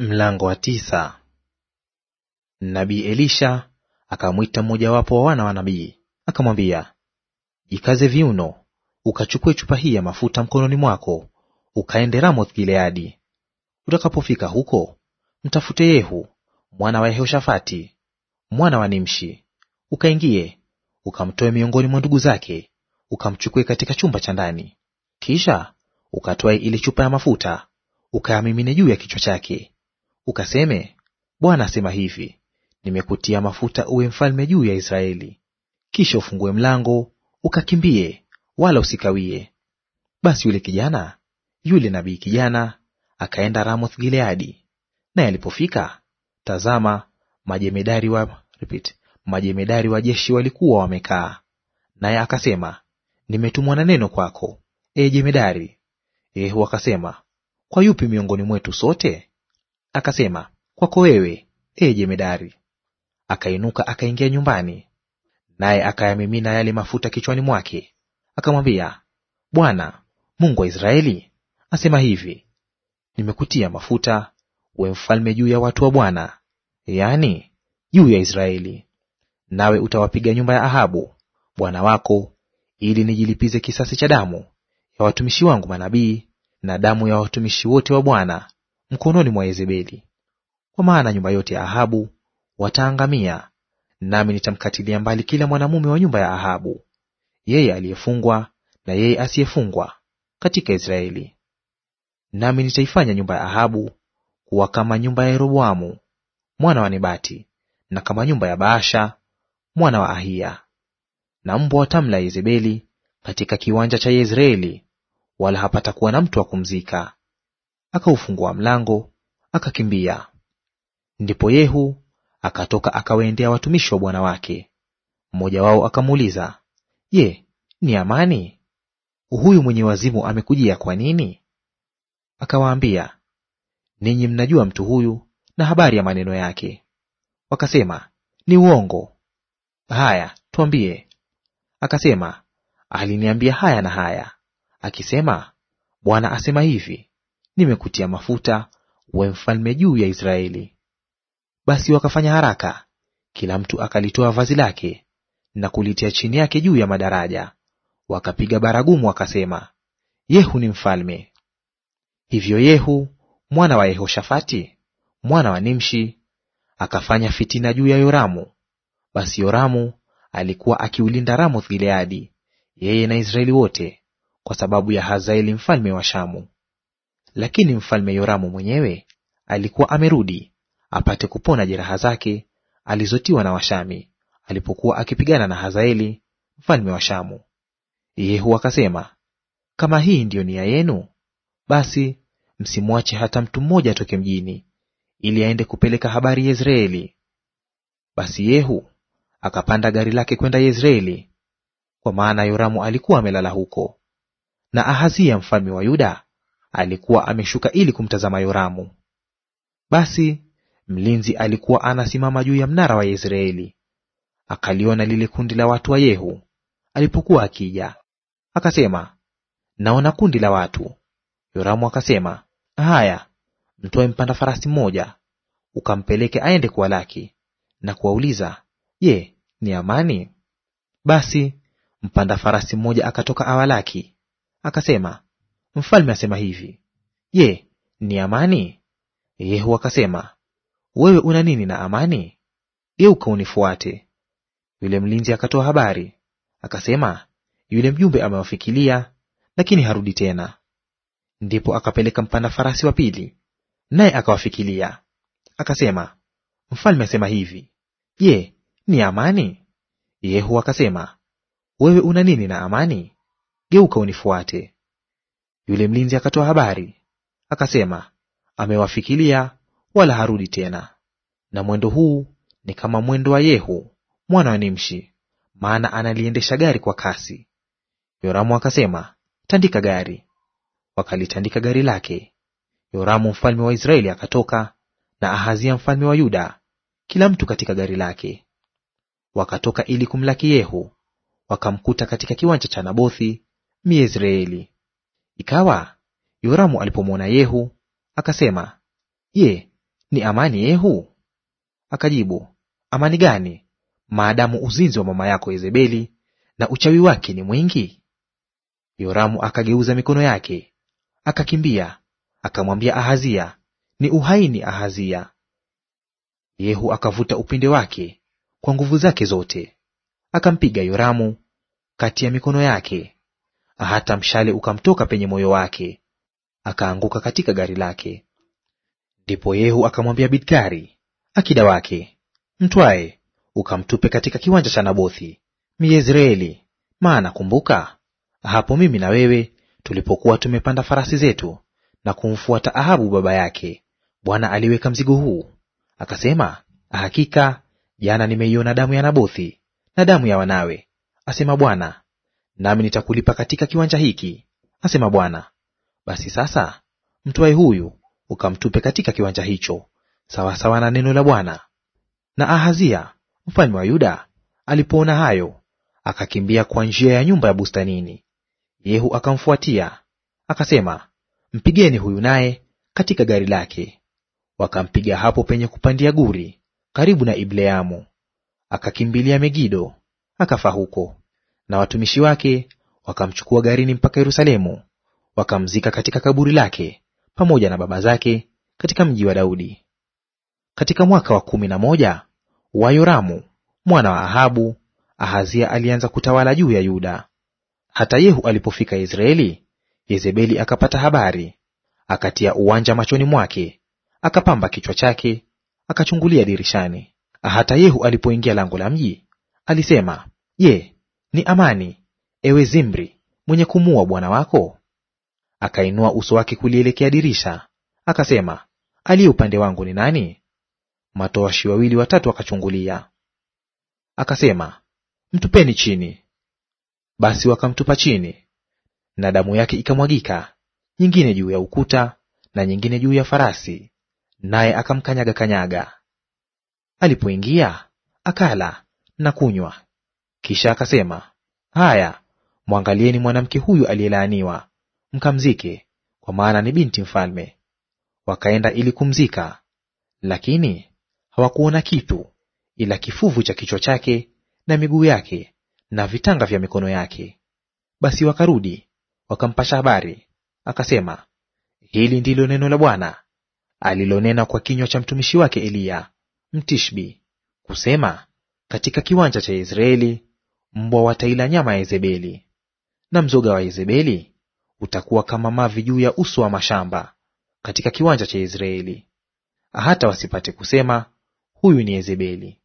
Mlango wa tisa. Nabii Elisha akamwita mmojawapo wa wana wa nabii, akamwambia, jikaze viuno, ukachukue chupa hii ya mafuta mkononi mwako, ukaende Ramoth Gileadi. Utakapofika huko, mtafute Yehu mwana wa Yehoshafati mwana wa Nimshi, ukaingie ukamtoe miongoni mwa ndugu zake, ukamchukue katika chumba cha ndani. Kisha ukatwae ile chupa ya mafuta, ukayamimine juu ya kichwa chake ukaseme, Bwana asema hivi, nimekutia mafuta uwe mfalme juu ya Israeli. Kisha ufungue mlango ukakimbie, wala usikawie. Basi yule kijana yule nabii kijana akaenda Ramoth Gileadi, naye alipofika, tazama, majemedari wa repeat, majemedari wa jeshi walikuwa wamekaa naye. Akasema, nimetumwa na neno kwako, e jemedari. Yehu akasema, kwa yupi miongoni mwetu sote? akasema, kwako wewe, e jemedari. Akainuka akaingia nyumbani, naye akayamimina yale mafuta kichwani mwake, akamwambia, Bwana Mungu wa Israeli asema hivi, nimekutia mafuta uwe mfalme juu ya watu wa Bwana, yaani juu ya Israeli. Nawe utawapiga nyumba ya Ahabu bwana wako, ili nijilipize kisasi cha damu ya watumishi wangu manabii na damu ya watumishi wote wa Bwana mkononi mwa Yezebeli, kwa maana nyumba yote ya Ahabu wataangamia, nami nitamkatilia mbali kila mwanamume wa nyumba ya Ahabu, yeye aliyefungwa na yeye asiyefungwa katika Israeli. Nami nitaifanya nyumba ya Ahabu kuwa kama nyumba ya Yeroboamu mwana wa Nebati, na kama nyumba ya Baasha mwana wa Ahiya. Na mbwa watamla Yezebeli katika kiwanja cha Yezreeli, wala hapatakuwa na mtu wa kumzika akaufungua mlango akakimbia. Ndipo Yehu akatoka akawaendea watumishi wa bwana wake. Mmoja wao akamuuliza, Je, ni amani? Huyu mwenye wazimu amekujia kwa nini? Akawaambia, ninyi mnajua mtu huyu na habari ya maneno yake. Wakasema, ni uongo. Haya, twambie Akasema, aliniambia haya na haya, akisema, Bwana asema hivi, nimekutia mafuta uwe mfalme juu ya Israeli. Basi wakafanya haraka, kila mtu akalitoa vazi lake na kulitia chini yake juu ya madaraja, wakapiga baragumu wakasema, Yehu ni mfalme. Hivyo Yehu mwana wa Yehoshafati mwana wa Nimshi akafanya fitina juu ya Yoramu. Basi Yoramu alikuwa akiulinda Ramoth Gileadi, yeye na Israeli wote, kwa sababu ya Hazaeli mfalme wa Shamu. Lakini mfalme Yoramu mwenyewe alikuwa amerudi apate kupona jeraha zake alizotiwa na Washami alipokuwa akipigana na Hazaeli mfalme wa Shamu. Yehu akasema, kama hii ndiyo nia yenu, basi msimwache hata mtu mmoja atoke mjini, ili aende kupeleka habari Yezreeli. Basi Yehu akapanda gari lake kwenda Yezreeli, kwa maana Yoramu alikuwa amelala huko. Na Ahazia mfalme wa Yuda alikuwa ameshuka ili kumtazama Yoramu. Basi mlinzi alikuwa anasimama juu ya mnara wa Israeli, akaliona lile kundi la watu wa Yehu alipokuwa akija, akasema, naona kundi la watu. Yoramu akasema, haya, mtoe mpanda farasi mmoja, ukampeleke aende kuwalaki na kuwauliza, je, ni amani? Basi mpanda farasi mmoja akatoka awalaki, akasema Mfalme asema hivi, Je, ni amani? Yehu akasema, wewe una nini na amani? Geuka unifuate. Yule mlinzi akatoa habari akasema, yule mjumbe amewafikilia, lakini harudi tena. Ndipo akapeleka mpanda farasi wa pili, naye akawafikilia akasema, mfalme asema hivi, je, ni amani? Yehu akasema, wewe una nini na amani? Geuka unifuate. Yule mlinzi akatoa habari akasema, amewafikilia wala harudi tena. Na mwendo huu ni kama mwendo wa Yehu mwana wa Nimshi, maana analiendesha gari kwa kasi. Yoramu akasema, tandika gari. Wakalitandika gari lake. Yoramu mfalme wa Israeli akatoka na Ahazia mfalme wa Yuda, kila mtu katika gari lake. Wakatoka ili kumlaki Yehu, wakamkuta katika kiwanja cha Nabothi Myezreeli. Ikawa Yoramu alipomwona Yehu akasema, Je, ni amani Yehu? Akajibu, amani gani, maadamu uzinzi wa mama yako Yezebeli na uchawi wake ni mwingi? Yoramu akageuza mikono yake akakimbia, akamwambia Ahazia, ni uhaini Ahazia. Yehu akavuta upinde wake kwa nguvu zake zote, akampiga Yoramu kati ya mikono yake, hata mshale ukamtoka penye moyo wake, akaanguka katika gari lake. Ndipo Yehu akamwambia Bidkari akida wake, mtwae ukamtupe katika kiwanja cha Nabothi Myezreeli, maana kumbuka hapo mimi na wewe tulipokuwa tumepanda farasi zetu na kumfuata Ahabu baba yake, Bwana aliweka mzigo huu, akasema, hakika jana nimeiona damu ya Nabothi na damu ya wanawe, asema Bwana, nami nitakulipa katika kiwanja hiki, asema Bwana. Basi sasa mtwae huyu ukamtupe katika kiwanja hicho, sawasawa na neno la Bwana. Na Ahazia mfalme wa Yuda alipoona hayo, akakimbia kwa njia ya nyumba ya bustanini. Yehu akamfuatia akasema, mpigeni huyu naye katika gari lake. Wakampiga hapo penye kupandia guri, karibu na Ibleamu. Akakimbilia Megido, akafa huko na watumishi wake wakamchukua garini mpaka Yerusalemu, wakamzika katika kaburi lake pamoja na baba zake katika mji wa Daudi. Katika mwaka wa kumi na moja wa Yoramu mwana wa Ahabu, Ahazia alianza kutawala juu ya Yuda. Hata Yehu alipofika Israeli, Yezebeli akapata habari, akatia uwanja machoni mwake, akapamba kichwa chake, akachungulia dirishani. Hata Yehu alipoingia lango la mji, alisema, Je, ni amani, ewe Zimri, mwenye kumua bwana wako? Akainua uso wake kulielekea dirisha, akasema, aliye upande wangu ni nani? Matoashi wawili watatu wakachungulia. Akasema, mtupeni chini. Basi wakamtupa chini, na damu yake ikamwagika, nyingine juu ya ukuta na nyingine juu ya farasi, naye akamkanyaga kanyaga. Alipoingia akala na kunywa, kisha akasema, haya, mwangalieni mwanamke huyu aliyelaaniwa, mkamzike, kwa maana ni binti mfalme. Wakaenda ili kumzika, lakini hawakuona kitu ila kifuvu cha kichwa chake na miguu yake na vitanga vya mikono yake. Basi wakarudi wakampasha habari, akasema, hili ndilo neno la Bwana alilonena kwa kinywa cha mtumishi wake Eliya Mtishbi, kusema, katika kiwanja cha israeli mbwa wataila nyama ya Yezebeli, na mzoga wa Yezebeli utakuwa kama mavi juu ya uso wa mashamba katika kiwanja cha Israeli, hata wasipate kusema, huyu ni Yezebeli.